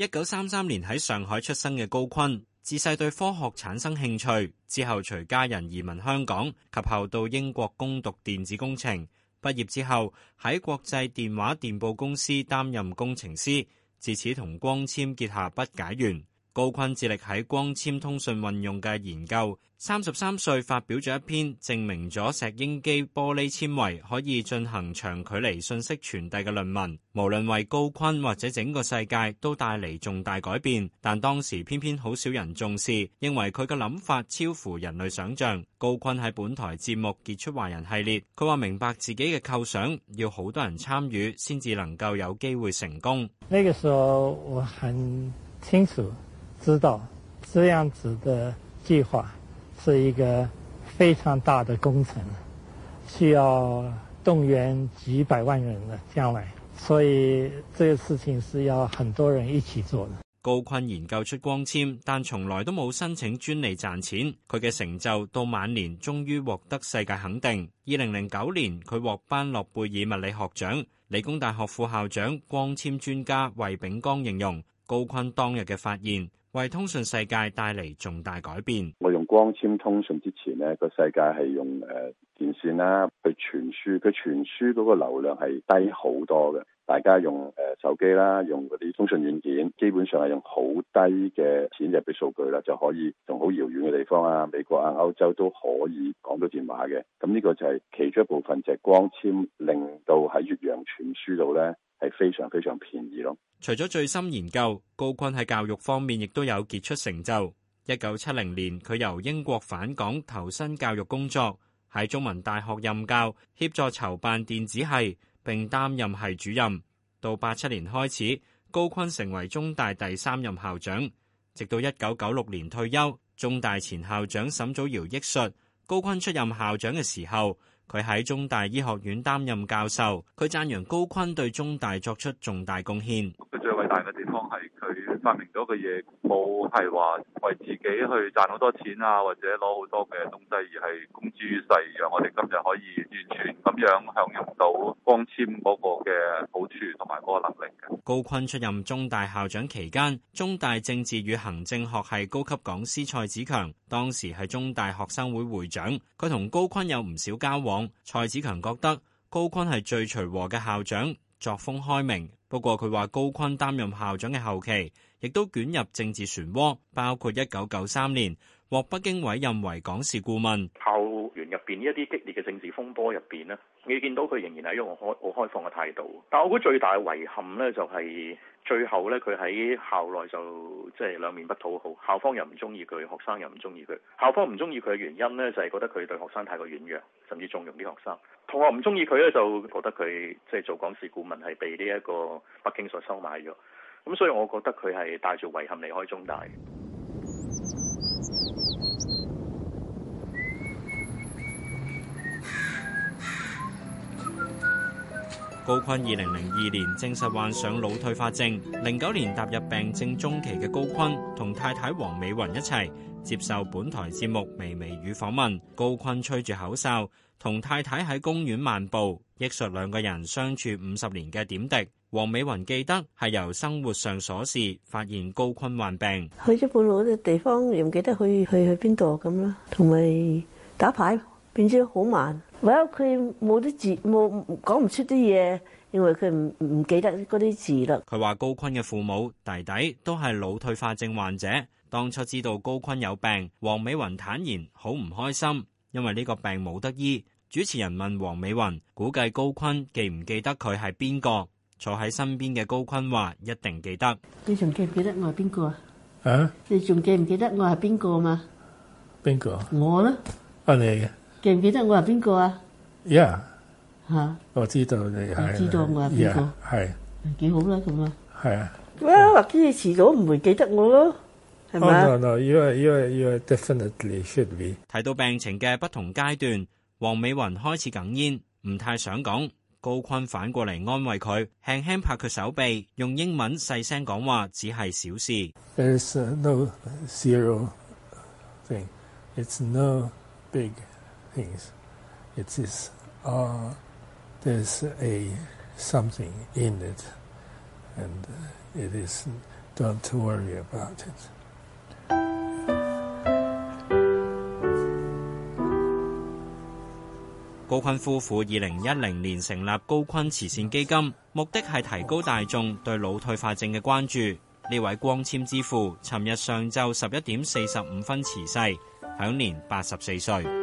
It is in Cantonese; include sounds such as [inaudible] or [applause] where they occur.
一九三三年喺上海出生嘅高錕，自細對科學產生興趣，之後隨家人移民香港，及後到英國攻讀電子工程。畢業之後喺國際電話電報公司擔任工程師，自此同光纖結下不解緣。高錕致力喺光纖通訊運用嘅研究，三十三歲發表咗一篇證明咗石英基玻璃纖維可以進行長距離信息傳遞嘅論文，無論為高錕或者整個世界都帶嚟重大改變。但當時偏偏好少人重視，認為佢嘅諗法超乎人類想象。高錕喺本台節目傑出華人系列，佢話明白自己嘅構想要好多人參與先至能夠有機會成功。呢個時候我很清楚。知道這樣子的計劃是一個非常大的工程，需要動員幾百萬人的將來，所以這個事情是要很多人一起做的。高錕研究出光纖，但從來都冇申請專利賺錢。佢嘅成就到晚年終於獲得世界肯定。二零零九年，佢獲頒諾貝爾物理學獎。理工大學副校長、光纖專家衛炳江形容高錕當日嘅發現。為通訊世界帶嚟重大改變。我用光纖通訊之前呢個世界係用誒、呃、電線啦去傳輸，佢傳輸嗰個流量係低好多嘅。大家用誒、呃、手機啦，用嗰啲通訊軟件，基本上係用好低嘅錢入俾數據啦，就可以用好遙遠嘅地方啊，美國啊、歐洲都可以講到電話嘅。咁呢個就係其中一部分，就係光纖令到喺越洋傳輸度呢。係非常非常便宜咯。除咗最新研究，高錕喺教育方面亦都有傑出成就。一九七零年，佢由英國返港投身教育工作，喺中文大學任教，協助籌辦電子系並擔任系主任。到八七年開始，高錕成為中大第三任校長，直到一九九六年退休。中大前校長沈祖堯憶述，高錕出任校長嘅時候。佢喺中大醫學院擔任教授，佢讚揚高錕對中大作出重大貢獻。佢最偉大嘅地方係佢 [noise] 發明咗嘅嘢，冇係話為自己去賺好多錢啊，或者攞好多嘅東西，而係公諸於世，讓我哋今日可以完全咁樣享用到光纖嗰個嘅好處同埋嗰個能力嘅。高錕出任中大校長期間，中大政治與行政學系高級講師蔡子強當時係中大學生會會長，佢同高錕有唔少交往。蔡子強覺得高錕係最隨和嘅校長。作風開明，不過佢話高錕擔任校長嘅後期，亦都捲入政治漩渦，包括一九九三年獲北京委任為港事顧問。呢一啲激烈嘅政治風波入邊呢，你見到佢仍然係一個開好開放嘅態度。但我覺得最大嘅遺憾呢，就係最後呢，佢喺校內就即係兩面不討好，校方又唔中意佢，學生又唔中意佢。校方唔中意佢嘅原因呢，就係覺得佢對學生太過軟弱，甚至縱容啲學生。同學唔中意佢呢，就覺得佢即係做港事顧問，係被呢一個北京所收買咗。咁所以我覺得佢係帶住遺憾離開中大。高錕2002年證實患上腦退化症，09年踏入病症中期嘅高錕同太太黃美芸一齊接受本台節目《微微語》訪問。高錕吹住口哨，同太太喺公園漫步，憶述兩個人相處五十年嘅點滴。黃美芸記得係由生活上瑣事發現高錕患病，去咗半路嘅地方，又唔記得去去去邊度咁啦，同埋打牌變咗好慢。佢冇啲字，冇講唔出啲嘢，因為佢唔唔記得嗰啲字啦。佢話高錕嘅父母弟弟都係腦退化症患者。當初知道高錕有病，高黃美芸坦言好唔開心，因為呢個病冇得醫。主持人問黃美芸：估計高錕記唔記得佢係邊個？坐喺身邊嘅高錕話：一定記得。你仲記唔記得我係邊個啊？吓？你仲記唔記得我係邊個嘛？邊個？我呢。啊你嘅。記唔記得我係邊個啊？呀吓，我知道你係知道我係邊個，係幾好啦，咁啊係啊，或啲嘢遲早唔會記得我咯，係咪？提到病情嘅不同階段，黃美芸開始哽咽，唔太想講。高錕反過嚟安慰佢，輕輕拍佢手臂，用英文細聲講話，只係小事。There's no zero thing, it's no big. it is there's a something in it，it is don't to worry about it。高錕夫婦二零一零年成立高錕慈善基金，目的係提高大眾對腦退化症嘅關注。呢位光纖之父，尋日上晝十一點四十五分辭世，享年八十四歲。